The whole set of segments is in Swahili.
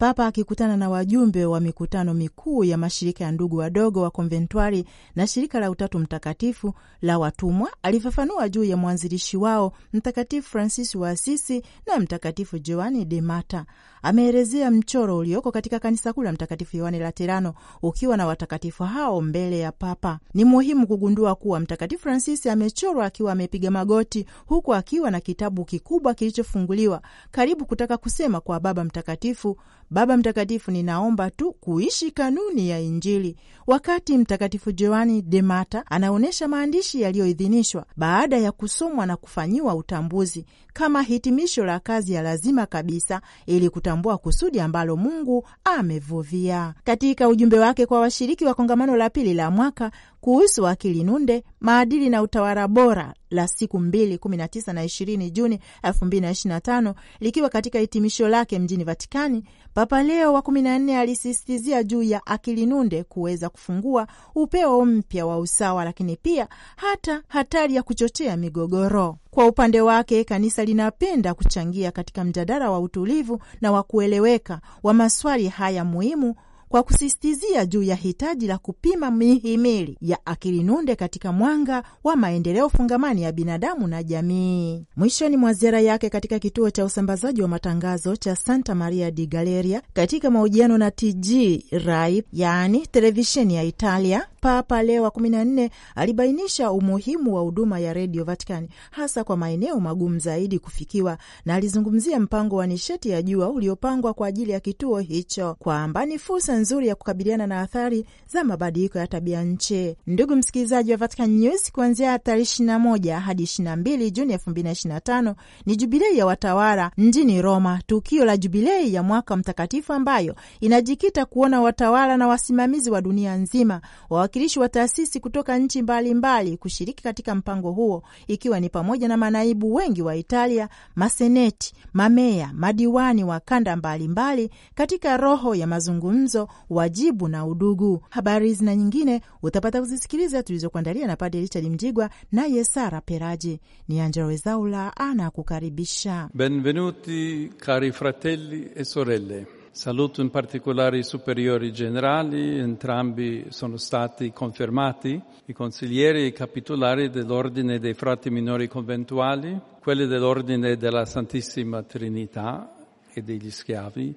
Papa akikutana na wajumbe wa mikutano mikuu ya mashirika ya ndugu wadogo wa konventwari na shirika la Utatu Mtakatifu la watumwa alifafanua juu ya mwanzilishi wao Mtakatifu Francis wa Asisi na Mtakatifu Joani de Mata ameelezea mchoro ulioko katika kanisa kuu la Mtakatifu Yohane Laterano ukiwa na watakatifu hao mbele ya Papa. Ni muhimu kugundua kuwa Mtakatifu Fransisi amechorwa akiwa amepiga magoti, huku akiwa na kitabu kikubwa kilichofunguliwa, karibu kutaka kusema kwa Baba Mtakatifu, Baba Mtakatifu, ninaomba tu kuishi kanuni ya Injili, wakati Mtakatifu Joani de Mata anaonyesha maandishi yaliyoidhinishwa baada ya kusomwa na kufanyiwa utambuzi kama hitimisho la kazi ya lazima kabisa ili kutambua kusudi ambalo Mungu amevuvia. Katika ujumbe wake kwa washiriki wa kongamano la pili la mwaka, kuhusu akili nunde, maadili na utawala bora la siku mbili 19 na 20 Juni 2025 likiwa katika hitimisho lake mjini Vatikani, Papa Leo wa 14 alisisitizia juu ya akili nunde kuweza kufungua upeo mpya wa usawa, lakini pia hata hatari ya kuchochea migogoro. Kwa upande wake, kanisa linapenda kuchangia katika mjadala wa utulivu na wa kueleweka wa maswali haya muhimu kwa kusisitizia juu ya hitaji la kupima mihimili ya akili nunde katika mwanga wa maendeleo fungamani ya binadamu na jamii. Mwishoni mwa ziara yake katika kituo cha usambazaji wa matangazo cha Santa Maria di Galeria, katika mahojiano na TG Rai, yaani televisheni ya Italia, Papa Leo wa 14 alibainisha umuhimu wa huduma ya redio Vatikani hasa kwa maeneo magumu zaidi kufikiwa, na alizungumzia mpango wa nishati ya jua uliopangwa kwa ajili ya kituo hicho kwamba ni fursa nzuri ya kukabiliana na athari za mabadiliko ya tabia nchi. Ndugu msikilizaji wa Vatican News, kuanzia tarehe 21 hadi 22 Juni 2025 ni jubilei ya watawala mjini Roma, tukio la jubilei ya mwaka mtakatifu ambayo inajikita kuona watawala na wasimamizi wa dunia nzima, wawakilishi wa taasisi kutoka nchi mbalimbali mbali, kushiriki katika mpango huo, ikiwa ni pamoja na manaibu wengi wa Italia, maseneti, mameya, madiwani wa kanda mbalimbali mbali, katika roho ya mazungumzo wajibu na udugu. Habari hizi nyingine utapata kuzisikiliza tulizokuandalia na Padre Richard Mjigwa naye Sara Peraji. Ni Angelo Wezaula anakukaribisha. Benvenuti cari fratelli e sorelle. Saluto in particolare i superiori generali, entrambi sono stati confermati, i consiglieri e i capitolari dell'Ordine dei Frati Minori Conventuali, quelli dell'Ordine della Santissima Trinità e degli Schiavi,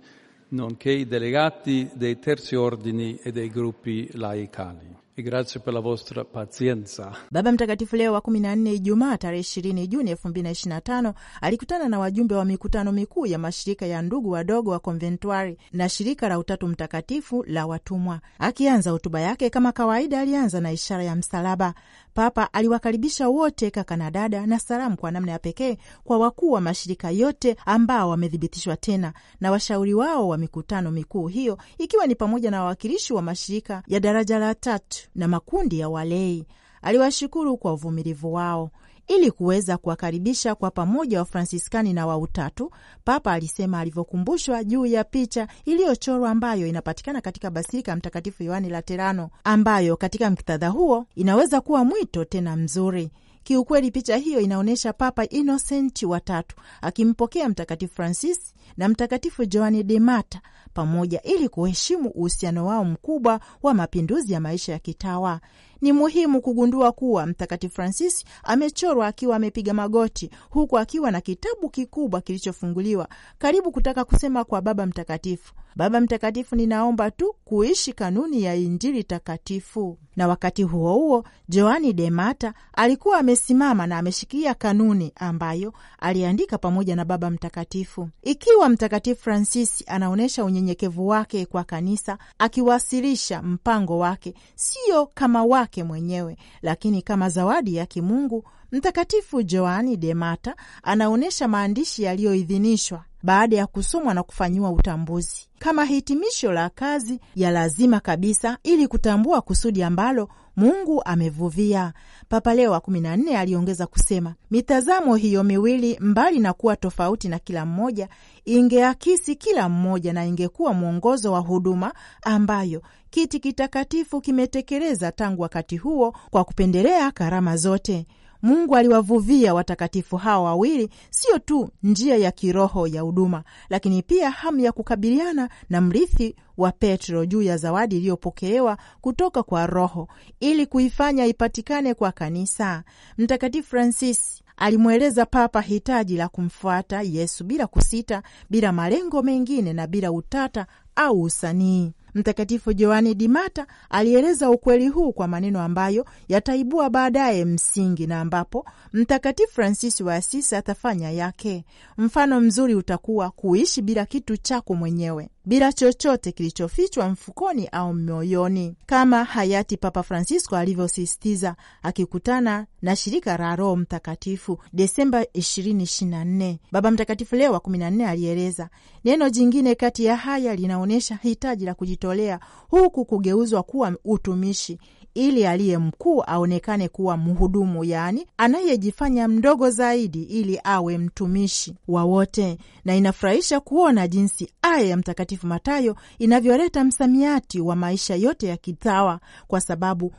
nonché i delegati dei terzi ordini e dei gruppi laicali. E grazie per la vostra pazienza. Baba Mtakatifu Leo wa 14 Ijumaa tarehe 20 Juni 2025 alikutana na wajumbe wa mikutano mikuu ya mashirika ya ndugu wadogo wa Conventuari na shirika la Utatu Mtakatifu la watumwa. Akianza hotuba yake kama kawaida, alianza na ishara ya msalaba. Papa aliwakaribisha wote kaka na dada, na salamu kwa namna ya pekee kwa wakuu wa mashirika yote ambao wamethibitishwa tena na washauri wao wa mikutano mikuu hiyo, ikiwa ni pamoja na wawakilishi wa mashirika ya daraja la tatu na makundi ya walei. Aliwashukuru kwa uvumilivu wao ili kuweza kuwakaribisha kwa pamoja Wafransiskani na wa Utatu, Papa alisema alivyokumbushwa juu ya picha iliyochorwa ambayo inapatikana katika Basilika ya Mtakatifu Yohani Laterano, ambayo katika muktadha huo inaweza kuwa mwito tena mzuri Kiukweli, picha hiyo inaonyesha Papa Inosenti watatu akimpokea Mtakatifu Francis na Mtakatifu Joani de Mata pamoja ili kuheshimu uhusiano wao mkubwa wa mapinduzi ya maisha ya kitawa. Ni muhimu kugundua kuwa Mtakatifu Francis amechorwa akiwa amepiga magoti, huku akiwa na kitabu kikubwa kilichofunguliwa, karibu kutaka kusema kwa Baba Mtakatifu, Baba Mtakatifu, ninaomba tu kuishi kanuni ya Injili takatifu. Na wakati huo huo, Joani de Mata alikuwa amesimama na ameshikilia kanuni ambayo aliandika pamoja na Baba Mtakatifu. Ikiwa Mtakatifu Fransisi anaonyesha unyenyekevu wake kwa kanisa, akiwasilisha mpango wake siyo kama wake yake mwenyewe, lakini kama zawadi ya kimungu. Mtakatifu Joani de Mata anaonyesha maandishi yaliyoidhinishwa baada ya kusomwa na kufanyiwa utambuzi kama hitimisho la kazi ya lazima kabisa ili kutambua kusudi ambalo Mungu amevuvia. Papa Leo wa kumi na nne aliongeza kusema, mitazamo hiyo miwili, mbali na kuwa tofauti na kila mmoja, ingeakisi kila mmoja na ingekuwa mwongozo wa huduma ambayo Kiti Kitakatifu kimetekeleza tangu wakati huo kwa kupendelea karama zote. Mungu aliwavuvia watakatifu hawa wawili sio tu njia ya kiroho ya huduma, lakini pia hamu ya kukabiliana na mrithi wa Petro juu ya zawadi iliyopokelewa kutoka kwa Roho ili kuifanya ipatikane kwa kanisa. Mtakatifu Francis alimweleza Papa hitaji la kumfuata Yesu bila kusita, bila malengo mengine na bila utata au usanii. Mtakatifu Joani Dimata alieleza ukweli huu kwa maneno ambayo yataibua baadaye msingi na ambapo Mtakatifu Fransisi wa Asisi atafanya yake. Mfano mzuri utakuwa kuishi bila kitu chako mwenyewe bila chochote kilichofichwa mfukoni au moyoni, kama hayati Papa Francisco alivyosisitiza akikutana na shirika la Roho Mtakatifu Desemba 2024. Baba Mtakatifu Leo wa 14 alieleza neno jingine kati ya haya linaonyesha hitaji la kujitolea huku kugeuzwa kuwa utumishi ili aliye mkuu aonekane kuwa mhudumu, yaani anayejifanya mdogo zaidi ili awe mtumishi wa wote. Na inafurahisha kuona jinsi aya ya Mtakatifu Matayo inavyoleta msamiati wa maisha yote ya kitawa, kwa sababu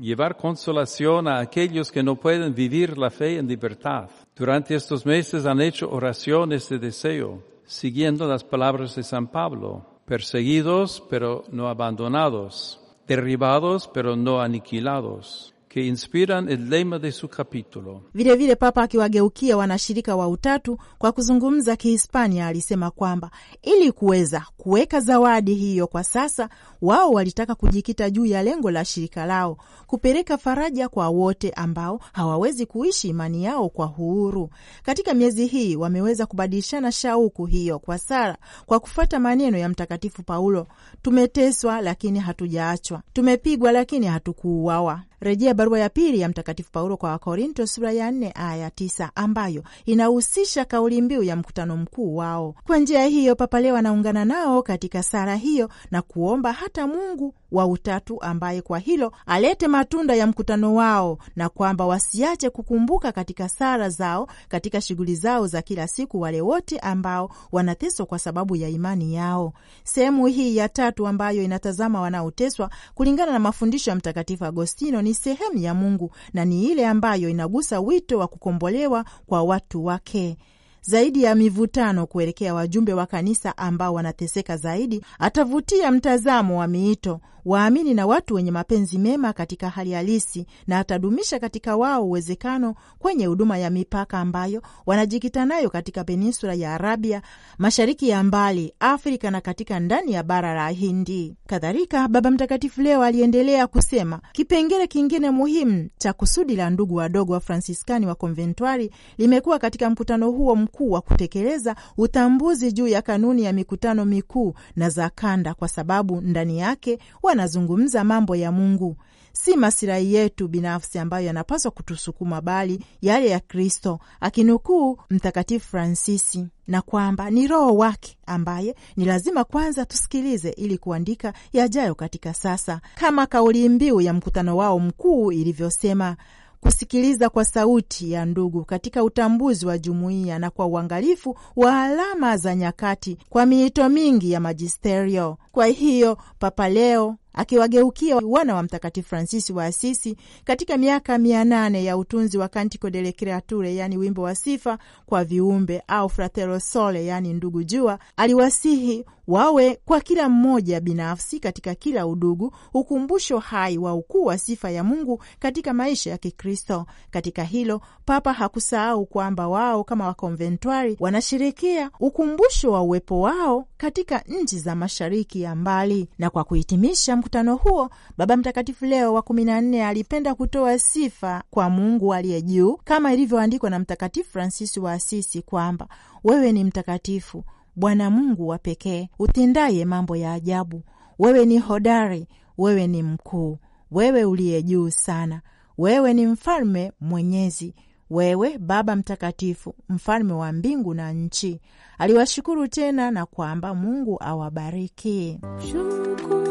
Llevar consolación a aquellos que no pueden vivir la fe en libertad. Durante estos meses han hecho oraciones de deseo, siguiendo las palabras de San Pablo, perseguidos pero no abandonados, derribados pero no aniquilados. che inspirano il lema di suo capitolo. Vilevile Papa akiwageukia wanashirika wa Utatu kwa kuzungumza Kihispania alisema kwamba ili kuweza kuweka zawadi hiyo kwa sasa, wao walitaka kujikita juu ya lengo la shirika lao, kupeleka faraja kwa wote ambao hawawezi kuishi imani yao kwa uhuru. Katika miezi hii wameweza kubadilishana shauku hiyo kwa sala, kwa kufuata maneno ya Mtakatifu Paulo: tumeteswa lakini hatujaachwa, tumepigwa lakini hatukuuawa. Rejea barua ya pili ya Mtakatifu Paulo kwa Wakorinto sura ya 4 aya tisa ambayo inahusisha kauli mbiu ya mkutano mkuu wao. Kwa njia hiyo, Papa leo anaungana nao katika sala hiyo na kuomba hata Mungu wa Utatu ambaye kwa hilo alete matunda ya mkutano wao, na kwamba wasiache kukumbuka katika sala zao, katika shughuli zao za kila siku, wale wote ambao wanateswa kwa sababu ya imani yao. Sehemu hii ya tatu ambayo inatazama wanaoteswa kulingana na mafundisho ya Mtakatifu Agostino ni sehemu ya Mungu na ni ile ambayo inagusa wito wa kukombolewa kwa watu wake zaidi ya mivutano kuelekea wajumbe wa kanisa ambao wanateseka zaidi, atavutia mtazamo wa miito, waamini na watu wenye mapenzi mema katika hali halisi, na atadumisha katika wao uwezekano kwenye huduma ya mipaka ambayo wanajikita nayo katika peninsula ya Arabia, mashariki ya mbali, Afrika na katika ndani ya bara la Hindi. Kadhalika, Baba Mtakatifu leo aliendelea kusema, kipengele kingine muhimu cha kusudi la ndugu wadogo wa Fransiskani wa konventwari limekuwa katika mkutano huo mkuu wa kutekeleza utambuzi juu ya kanuni ya mikutano mikuu na za kanda, kwa sababu ndani yake wanazungumza mambo ya Mungu, si masilahi yetu binafsi ambayo yanapaswa kutusukuma, bali yale ya Kristo, akinukuu Mtakatifu Fransisi na kwamba ni Roho wake ambaye ni lazima kwanza tusikilize ili kuandika yajayo katika sasa, kama kauli mbiu ya mkutano wao mkuu ilivyosema: kusikiliza kwa sauti ya ndugu katika utambuzi wa jumuiya na kwa uangalifu wa alama za nyakati kwa miito mingi ya majisterio. Kwa hiyo Papa Leo akiwageukia wana wa Mtakatifu Fransisi wa Asisi katika miaka mia nane ya utunzi wa Cantico le Creature, yaani wimbo wa sifa kwa viumbe, au Fratello Sole, yaani ndugu jua, aliwasihi wawe kwa kila mmoja binafsi katika kila udugu ukumbusho hai wa ukuu wa sifa ya Mungu katika maisha ya Kikristo. Katika hilo, Papa hakusahau kwamba wao kama wakonventwari wanashirikia ukumbusho wa uwepo wao katika nchi za mashariki ya mbali, na kwa kuhitimisha mkutano huo, Baba Mtakatifu Leo wa kumi na nne alipenda kutoa sifa kwa Mungu aliye juu, kama ilivyoandikwa na Mtakatifu Fransisi wa Asisi kwamba wewe ni mtakatifu, Bwana Mungu wa pekee, utendaye mambo ya ajabu. Wewe ni hodari, wewe ni mkuu, wewe uliye juu sana, wewe ni mfalme mwenyezi wewe Baba Mtakatifu, mfalme wa mbingu na nchi. Aliwashukuru tena na kwamba Mungu awabariki. Shukuru.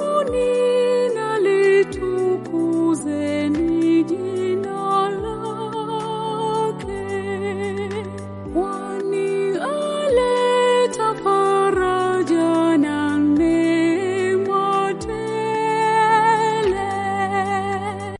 harmonii na litukuzeni jina.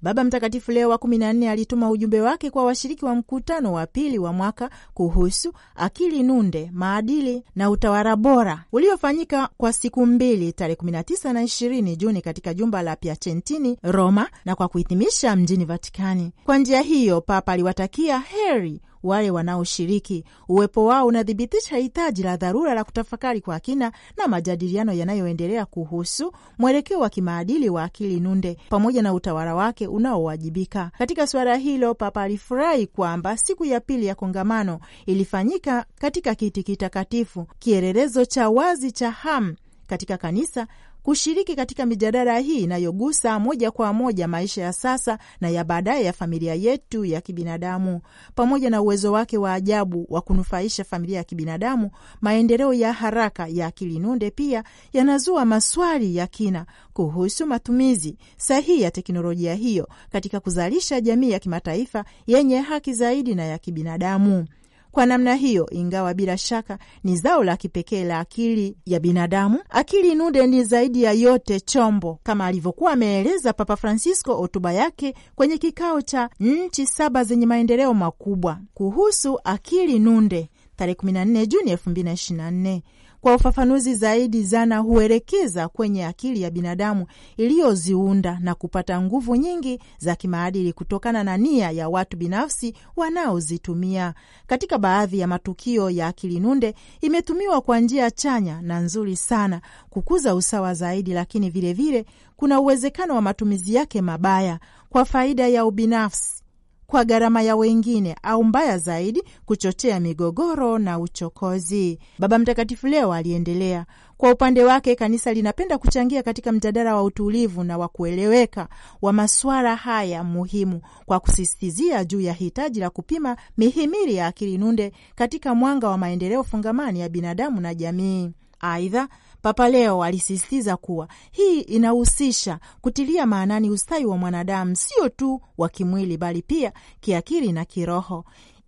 Baba Mtakatifu Leo wa kumi na nne alituma ujumbe wake kwa washiriki wa mkutano wa pili wa mwaka kuhusu akili nunde, maadili na utawala bora uliofanyika kwa siku mbili tarehe 19 na 20 Juni katika jumba la Piacentini, Roma, na kwa kuhitimisha mjini Vatikani. Kwa njia hiyo, Papa aliwatakia heri wale wanaoshiriki. Uwepo wao unathibitisha hitaji la dharura la kutafakari kwa kina na majadiliano yanayoendelea kuhusu mwelekeo wa kimaadili wa akili nunde pamoja na utawala wake unaowajibika. Katika suala hilo, Papa alifurahi kwamba siku ya pili ya kongamano ilifanyika katika kiti kitakatifu, kielelezo cha wazi cha ham katika kanisa kushiriki katika mijadala hii inayogusa moja kwa moja maisha ya sasa na ya baadaye ya familia yetu ya kibinadamu. Pamoja na uwezo wake wa ajabu wa kunufaisha familia ya kibinadamu, maendeleo ya haraka ya akili nunde pia yanazua maswali ya kina kuhusu matumizi sahihi ya teknolojia hiyo katika kuzalisha jamii ya kimataifa yenye haki zaidi na ya kibinadamu. Kwa namna hiyo, ingawa bila shaka ni zao la kipekee la akili ya binadamu, akili nude ni zaidi ya yote chombo, kama alivyokuwa ameeleza Papa Francisco hotuba yake kwenye kikao cha nchi saba zenye maendeleo makubwa kuhusu akili nunde tarehe 14 Juni 2024. Kwa ufafanuzi zaidi, zana huelekeza kwenye akili ya binadamu iliyoziunda na kupata nguvu nyingi za kimaadili kutokana na nia ya watu binafsi wanaozitumia. Katika baadhi ya matukio ya akili nunde imetumiwa kwa njia chanya na nzuri sana kukuza usawa zaidi, lakini vilevile vile, kuna uwezekano wa matumizi yake mabaya kwa faida ya ubinafsi kwa gharama ya wengine au mbaya zaidi, kuchochea migogoro na uchokozi. Baba Mtakatifu Leo aliendelea. Kwa upande wake, kanisa linapenda kuchangia katika mjadala wa utulivu na wa kueleweka wa masuala haya muhimu kwa kusisitizia juu ya hitaji la kupima mihimili ya akili nunde katika mwanga wa maendeleo fungamani ya binadamu na jamii. Aidha, Papa Leo alisisitiza kuwa hii inahusisha kutilia maanani ustawi wa mwanadamu, sio tu wa kimwili, bali pia kiakili na kiroho.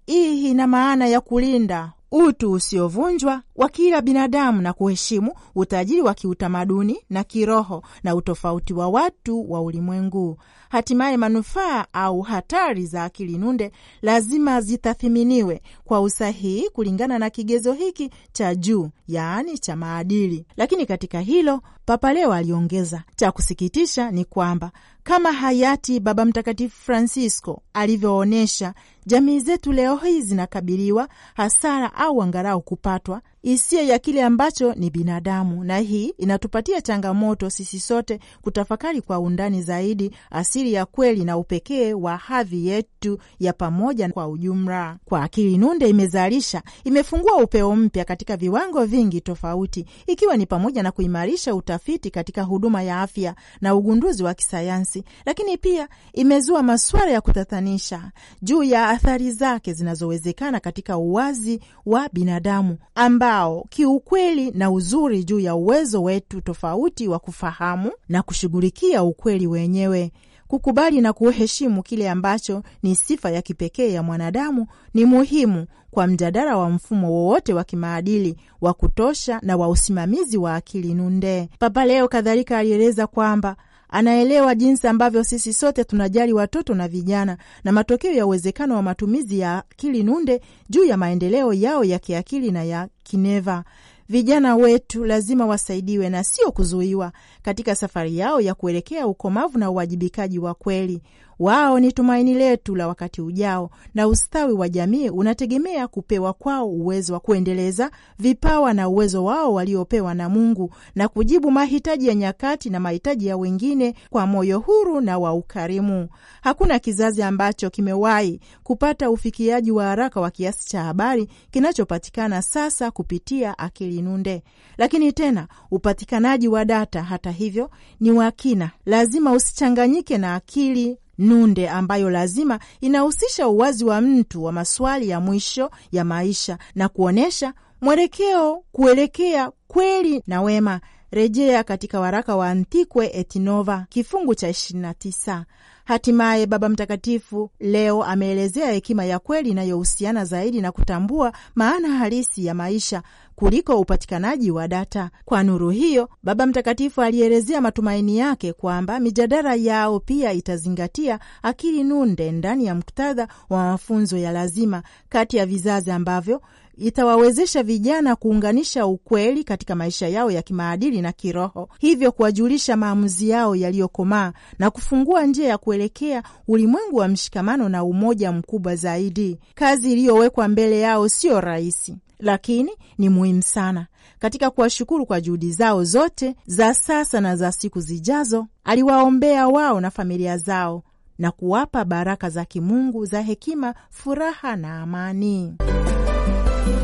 Hii ina maana ya kulinda utu usiovunjwa wa kila binadamu na kuheshimu utajiri wa kiutamaduni na kiroho na utofauti wa watu wa ulimwengu. Hatimaye, manufaa au hatari za akili nunde lazima zitathiminiwe kwa usahihi kulingana na kigezo hiki cha juu, yaani cha maadili. Lakini katika hilo Papa Leo aliongeza, cha kusikitisha ni kwamba kama hayati Baba Mtakatifu Francisco alivyoonyesha, jamii zetu leo hii zinakabiliwa hasara au angalau kupatwa isiyo ya kile ambacho ni binadamu, na hii inatupatia changamoto sisi sote kutafakari kwa undani zaidi asili ya kweli na upekee wa hadhi yetu ya pamoja kwa ujumla. Kwa akili nunde imezalisha, imefungua upeo mpya katika viwango vingi tofauti, ikiwa ni pamoja na kuimarisha utafiti katika huduma ya afya na ugunduzi wa kisayansi, lakini pia imezua masuala ya kutatanisha juu ya athari zake zinazowezekana katika uwazi wa binadamu amba mtandao kiukweli na uzuri juu ya uwezo wetu tofauti wa kufahamu na kushughulikia ukweli wenyewe. Kukubali na kuheshimu kile ambacho ni sifa ya kipekee ya mwanadamu ni muhimu kwa mjadala wa mfumo wowote wa kimaadili wa kutosha na wa usimamizi wa akili nunde. Papa Leo kadhalika alieleza kwamba Anaelewa jinsi ambavyo sisi sote tunajali watoto na vijana na matokeo ya uwezekano wa matumizi ya akili nunde juu ya maendeleo yao ya kiakili na ya kineva. Vijana wetu lazima wasaidiwe na sio kuzuiwa katika safari yao ya kuelekea ukomavu na uwajibikaji wa kweli. Wao ni tumaini letu la wakati ujao, na ustawi wa jamii unategemea kupewa kwao uwezo wa kuendeleza vipawa na uwezo wao waliopewa na Mungu na kujibu mahitaji ya nyakati na mahitaji ya wengine kwa moyo huru na wa ukarimu. Hakuna kizazi ambacho kimewahi kupata ufikiaji wa haraka wa kiasi cha habari kinachopatikana sasa kupitia akili nunde. Lakini tena upatikanaji wa data, hata hivyo, ni wa kina, lazima usichanganyike na akili nunde ambayo lazima inahusisha uwazi wa mtu wa maswali ya mwisho ya maisha na kuonyesha mwelekeo kuelekea kweli na wema. Rejea katika waraka wa Antikwe etinova kifungu cha 29. Hatimaye Baba Mtakatifu leo ameelezea hekima ya kweli inayohusiana zaidi na kutambua maana halisi ya maisha kuliko upatikanaji wa data. Kwa nuru hiyo, Baba Mtakatifu alielezea matumaini yake kwamba mijadala yao pia itazingatia akili nunde ndani ya muktadha wa mafunzo ya lazima kati ya vizazi ambavyo itawawezesha vijana kuunganisha ukweli katika maisha yao ya kimaadili na kiroho, hivyo kuwajulisha maamuzi yao yaliyokomaa na kufungua njia ya kuelekea ulimwengu wa mshikamano na umoja mkubwa zaidi. Kazi iliyowekwa mbele yao siyo rahisi, lakini ni muhimu sana katika kuwashukuru kwa juhudi zao zote za sasa na za siku zijazo. Aliwaombea wao na familia zao na kuwapa baraka za kimungu za hekima, furaha na amani.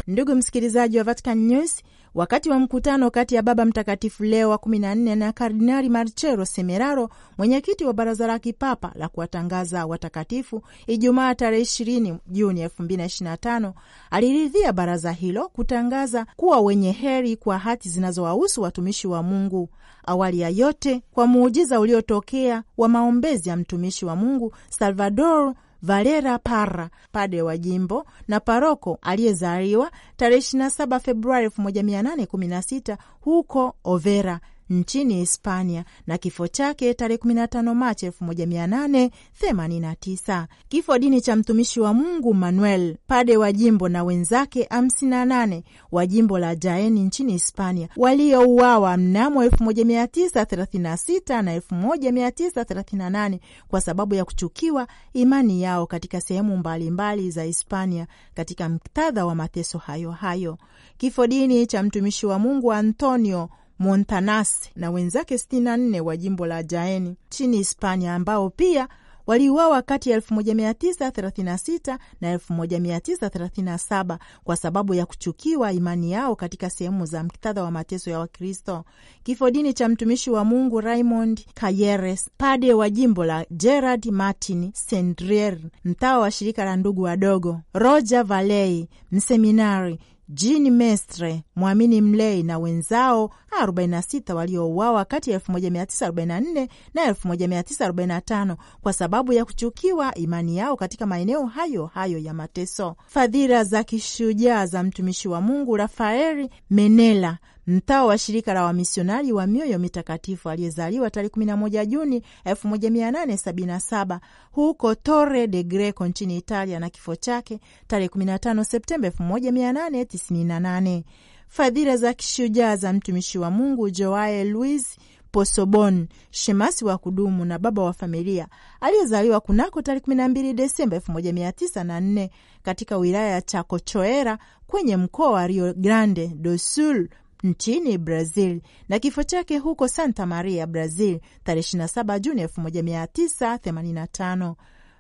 Ndugu msikilizaji wa Vatican News, Wakati wa mkutano kati ya Baba Mtakatifu Leo wa 14 na Kardinali Marcelo Semeraro, mwenyekiti wa Baraza la Kipapa la kuwatangaza watakatifu, Ijumaa tarehe 20 Juni 2025, aliridhia baraza hilo kutangaza kuwa wenye heri kwa hati zinazowahusu watumishi wa Mungu, awali ya yote kwa muujiza uliotokea wa maombezi ya mtumishi wa Mungu Salvador Valera Parra, pade wa jimbo na paroko aliyezaliwa tarehe 27 Februari 1816 huko Overa nchini Hispania na kifo chake tarehe 15 Machi 1889. Kifo dini cha mtumishi wa Mungu Manuel, pade wa jimbo na wenzake 58 wa jimbo la Jaen nchini Hispania waliouawa mnamo 1936 na 1938 kwa sababu ya kuchukiwa imani yao katika sehemu mbalimbali za Hispania katika muktadha wa mateso hayo hayo. Kifo dini cha mtumishi wa Mungu Antonio Montanase na wenzake 64 wa jimbo la Jaeni chini Hispania, ambao pia waliuawa kati ya 1936 na 1937 kwa sababu ya kuchukiwa imani yao katika sehemu za muktadha wa mateso ya Wakristo. Kifo dini cha mtumishi wa Mungu Raymond Kayeres, pade wa jimbo la Gerard Martin Sendrier, mtawa wa shirika la ndugu wadogo, Roger Valey, mseminari Jean Mestre, mwamini mlei na wenzao 46 waliouawa kati ya 1944 na 1945 kwa sababu ya kuchukiwa imani yao katika maeneo hayo hayo ya mateso. Fadhila za kishujaa za mtumishi wa Mungu Rafaeli Menela mtawa wa shirika la wamisionari wa mioyo mitakatifu aliyezaliwa tarehe 11 Juni 1877 huko Torre de Greco nchini Italia na kifo chake tarehe 15 Septemba 1898. Fadhila za kishujaa za mtumishi wa Mungu joae Luis Posobon, shemasi wa kudumu na baba wa familia aliyezaliwa kunako tarehe 12 Desemba 1904 katika wilaya ya Chakochoera kwenye mkoa wa Rio Grande do Sul nchini Brazil na kifo chake huko Santa Maria, Brazil, tarehe 27 Juni 1985.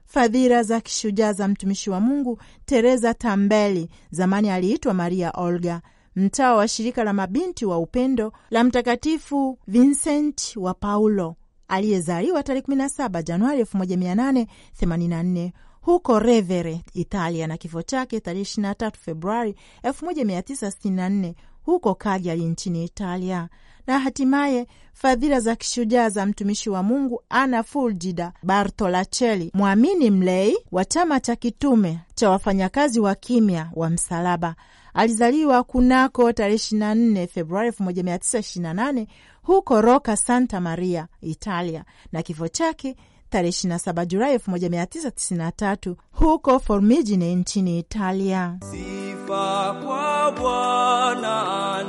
Fadhila za kishujaa za mtumishi wa Mungu Teresa Tambeli, zamani aliitwa Maria Olga, mtawa wa shirika la mabinti wa upendo la Mtakatifu Vincent wa Paulo aliyezaliwa tarehe 17 Januari 1884 huko Revere, Italia, na kifo chake tarehe 23 Februari 1964 huko Cagliari nchini Italia, na hatimaye fadhila za kishujaa za mtumishi wa Mungu Ana Fulgida bartolacheli mwamini mlei wa chama cha kitume cha wafanyakazi wa kimya wa msalaba. Alizaliwa kunako tarehe 24 Februari 1928 huko Roca Santa Maria, Italia, na kifo chake tarehe 27 Julai 1993 huko Formigine nchini Italia. Sifa kwa Bwana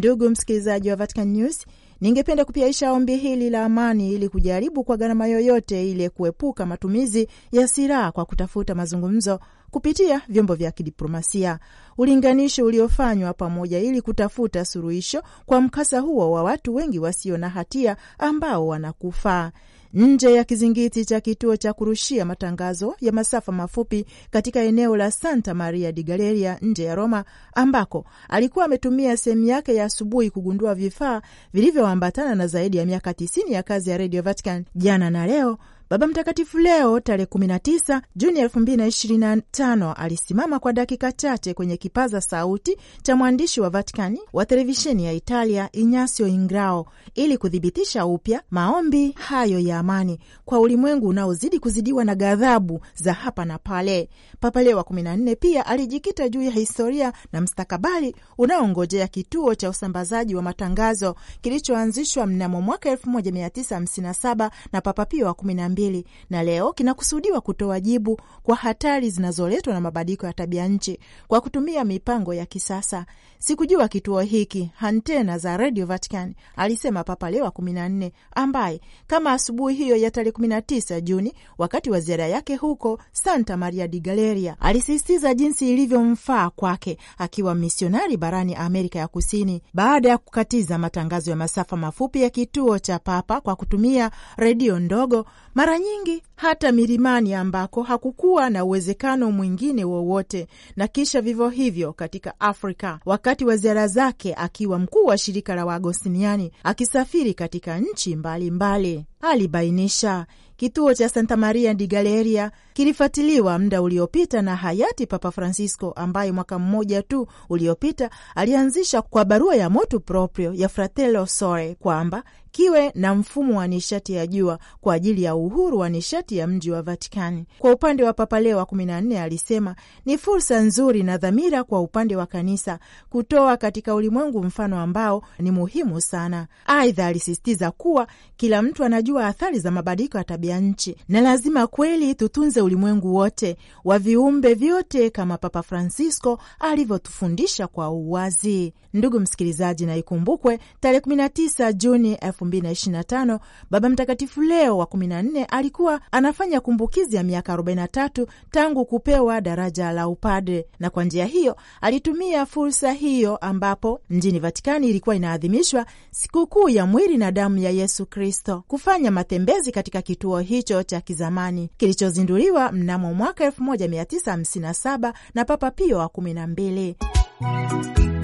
Ndugu msikilizaji wa Vatican News, ningependa kupiaisha ombi hili la amani ili kujaribu kwa gharama yoyote ile kuepuka matumizi ya silaha kwa kutafuta mazungumzo kupitia vyombo vya kidiplomasia, ulinganisho uliofanywa pamoja ili kutafuta suluhisho kwa mkasa huo wa watu wengi wasio na hatia ambao wanakufa nje ya kizingiti cha kituo cha kurushia matangazo ya masafa mafupi katika eneo la Santa Maria di Galeria nje ya Roma, ambako alikuwa ametumia sehemu yake ya asubuhi kugundua vifaa vilivyoambatana na zaidi ya miaka tisini ya kazi ya Radio Vatican jana na leo Baba Mtakatifu leo tarehe 19 Juni 2025 alisimama kwa dakika chache kwenye kipaza sauti cha mwandishi wa Vatikani wa televisheni ya Italia Inyasio Ingrao ili kuthibitisha upya maombi hayo ya amani kwa ulimwengu unaozidi kuzidiwa na ghadhabu za hapa na pale. Papa Leo wa 14 pia alijikita juu ya historia na mstakabali unaongojea kituo cha usambazaji wa matangazo kilichoanzishwa mnamo mwaka 1957 na Papa Pio wa 12 mbili na leo kinakusudiwa kutoa jibu kwa hatari zinazoletwa na mabadiliko ya tabia nchi kwa kutumia mipango ya kisasa. Sikujua kituo hiki antena za Radio Vatican, alisema Papa Leo wa kumi na nne, ambaye kama asubuhi hiyo ya tarehe kumi na tisa Juni wakati wa ziara yake huko Santa Maria di Galeria alisisitiza jinsi ilivyomfaa kwake akiwa misionari barani Amerika ya Kusini, baada ya kukatiza matangazo ya masafa mafupi ya kituo cha Papa kwa kutumia redio ndogo mara mara nyingi hata milimani ambako hakukuwa na uwezekano mwingine wowote, na kisha vivyo hivyo katika Afrika. Wakati wa ziara zake akiwa mkuu wa shirika la Waagostiniani akisafiri katika nchi mbalimbali mbali alibainisha. Kituo cha Santa Maria di Galeria kilifuatiliwa muda uliopita na hayati Papa Francisco, ambaye mwaka mmoja tu uliopita alianzisha kwa barua ya motu proprio ya Fratello Sore kwamba kiwe na mfumo wa nishati ya jua kwa ajili ya uhuru wa nishati ya mji wa Vatikani. Kwa upande wa Papa Leo wa kumi na nne alisema ni fursa nzuri na dhamira kwa upande wa kanisa kutoa katika ulimwengu mfano ambao ni muhimu sana. Aidha, alisisitiza kuwa kila mtu anajua kujua athari za mabadiliko ya tabia nchi, na lazima kweli tutunze ulimwengu wote wa viumbe vyote kama Papa Francisco alivyotufundisha kwa uwazi. Ndugu msikilizaji, na ikumbukwe tarehe 19 Juni 2025 Baba Mtakatifu Leo wa 14 alikuwa anafanya kumbukizi ya miaka 43 tangu kupewa daraja la upadre, na kwa njia hiyo alitumia fursa hiyo ambapo mjini Vatikani ilikuwa inaadhimishwa sikukuu ya mwili na damu ya Yesu Kristo kufanya kufanya matembezi katika kituo hicho cha kizamani kilichozinduliwa mnamo mwaka 1957 na Papa Pio wa 12.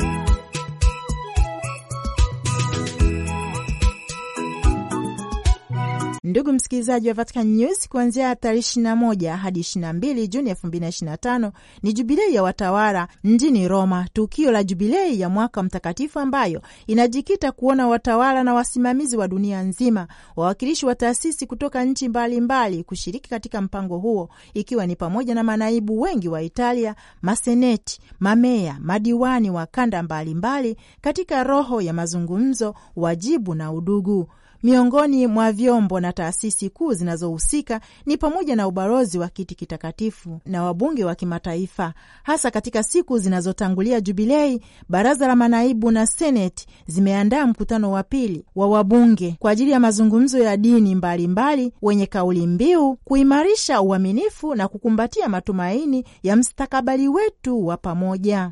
Ndugu msikilizaji wa Vatican News, kuanzia tarehe 21 hadi 22 Juni 2025 ni jubilei ya watawala mjini Roma, tukio la jubilei ya mwaka mtakatifu ambayo inajikita kuona watawala na wasimamizi wa dunia nzima, wawakilishi wa taasisi kutoka nchi mbalimbali mbali, kushiriki katika mpango huo, ikiwa ni pamoja na manaibu wengi wa Italia, maseneti, mameya, madiwani wa kanda mbalimbali mbali, katika roho ya mazungumzo, wajibu na udugu. Miongoni mwa vyombo na taasisi kuu zinazohusika ni pamoja na ubalozi wa kiti kitakatifu na wabunge wa kimataifa, hasa katika siku zinazotangulia Jubilei. Baraza la manaibu na seneti zimeandaa mkutano wa pili wa wabunge kwa ajili ya mazungumzo ya dini mbalimbali mbali, wenye kauli mbiu kuimarisha uaminifu na kukumbatia matumaini ya mstakabali wetu wa pamoja.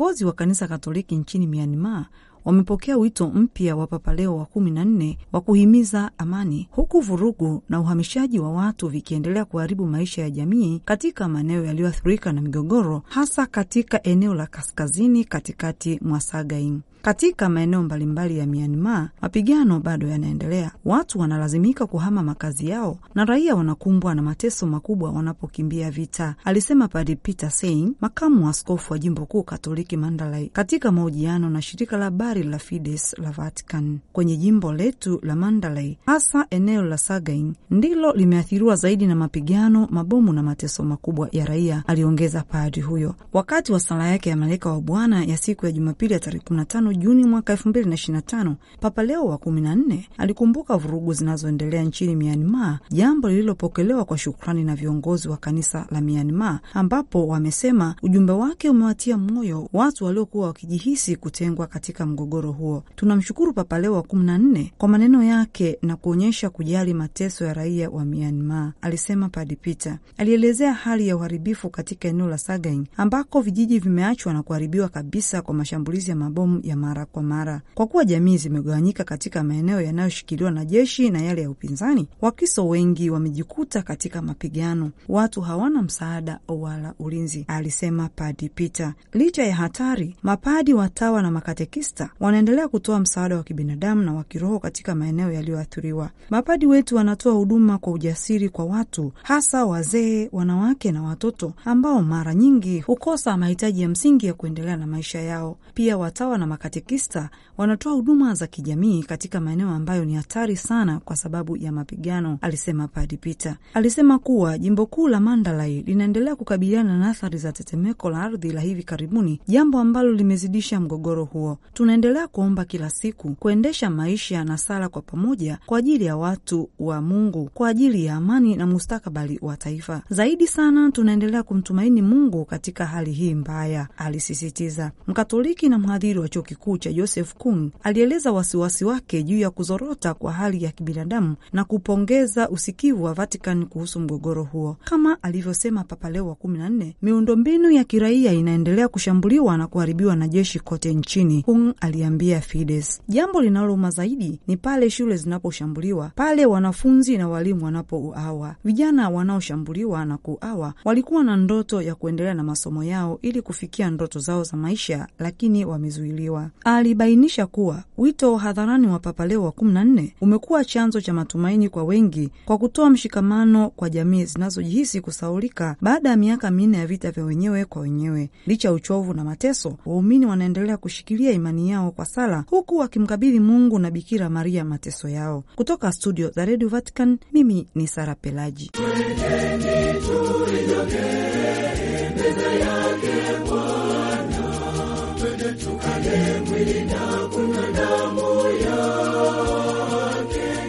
kiongozi wa kanisa Katoliki nchini Myanmar wamepokea wito mpya wa Papa Leo wa kumi na nne wa kuhimiza amani, huku vurugu na uhamishaji wa watu vikiendelea kuharibu maisha ya jamii katika maeneo yaliyoathirika na migogoro, hasa katika eneo la kaskazini katikati mwa Sagaing. Katika maeneo mbalimbali ya Myanmar mapigano bado yanaendelea. Watu wanalazimika kuhama makazi yao na raia wanakumbwa na mateso makubwa wanapokimbia vita, alisema Padri Peter Sein, makamu askofu wa jimbo kuu Katoliki Mandalay, katika mahojiano na shirika la Sekretari la Fides la Vatican kwenye jimbo letu la Mandalay, hasa eneo la Sagaing ndilo limeathiriwa zaidi na mapigano, mabomu na mateso makubwa ya raia, aliongeza padri huyo wakati wa sala yake ya malaika wa Bwana ya siku ya Jumapili ya tarehe 15 Juni mwaka 2025. Papa Leo wa 14 alikumbuka vurugu zinazoendelea nchini Myanmar, jambo lililopokelewa kwa shukrani na viongozi wa kanisa la Myanmar, ambapo wamesema ujumbe wake umewatia moyo watu waliokuwa wakijihisi kutengwa katika mgogoro huo. Tunamshukuru Papa Leo wa kumi na nne kwa maneno yake na kuonyesha kujali mateso ya raia wa Myanmar, alisema Padi Peter. Alielezea hali ya uharibifu katika eneo la Sagaing ambako vijiji vimeachwa na kuharibiwa kabisa kwa mashambulizi ya mabomu ya mara kwa mara. Kwa kuwa jamii zimegawanyika katika maeneo yanayoshikiliwa na jeshi na yale ya upinzani, Wakristo wengi wamejikuta katika mapigano. Watu hawana msaada wala ulinzi, alisema Padi Peter. Licha ya hatari, mapadi, watawa na makatekista wanaendelea kutoa msaada wa kibinadamu na wa kiroho katika maeneo yaliyoathiriwa. Mapadi wetu wanatoa huduma kwa ujasiri kwa watu, hasa wazee, wanawake na watoto ambao mara nyingi hukosa mahitaji ya msingi ya kuendelea na maisha yao. Pia watawa na makatekista wanatoa huduma za kijamii katika maeneo ambayo ni hatari sana kwa sababu ya mapigano, alisema Padi Peter. Alisema kuwa jimbo kuu la Mandalay linaendelea kukabiliana na athari za tetemeko la ardhi la hivi karibuni, jambo ambalo limezidisha mgogoro huo. Tuna Tunaendelea kuomba kila siku, kuendesha maisha na sala kwa pamoja kwa ajili ya watu wa Mungu, kwa ajili ya amani na mustakabali wa taifa. Zaidi sana tunaendelea kumtumaini Mungu katika hali hii mbaya, alisisitiza. Mkatoliki na mhadhiri wa chuo kikuu cha Joseph Kung alieleza wasiwasi wake juu ya kuzorota kwa hali ya kibinadamu na kupongeza usikivu wa Vatican kuhusu mgogoro huo. Kama alivyosema Papa Leo wa kumi na nne, miundombinu ya kiraia inaendelea kushambuliwa na kuharibiwa na jeshi kote nchini. Kung aliambia Fides. Jambo linalouma zaidi ni pale shule zinaposhambuliwa, pale wanafunzi na walimu wanapouawa. Vijana wanaoshambuliwa na kuawa walikuwa na ndoto ya kuendelea na masomo yao ili kufikia ndoto zao za maisha, lakini wamezuiliwa. Alibainisha kuwa wito hadharani wa Papa Leo wa kumi na nne umekuwa chanzo cha matumaini kwa wengi kwa kutoa mshikamano kwa jamii zinazojihisi kusaulika baada ya miaka minne ya vita vya wenyewe kwa wenyewe. Licha ya uchovu na mateso, waumini wanaendelea kushikilia imani yao yao kwa sala, huku wakimkabidhi Mungu na Bikira Maria mateso yao. Kutoka studio za redio Vatican, mimi ni Sara Pelaji.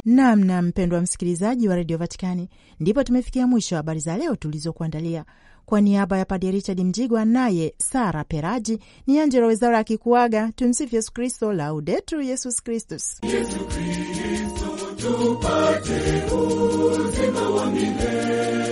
Namna mpendwa msikilizaji wa redio Vatikani, ndipo tumefikia mwisho habari za leo tulizokuandalia. Kwa niaba ya Padre Richard Mjigwa naye Sara Peraji ni Angela Wezara akikuaga. Tumsifu Yesu Kristo, Laudetur Yesus Kristus. Yesu Kristo tupate uzima wa milele.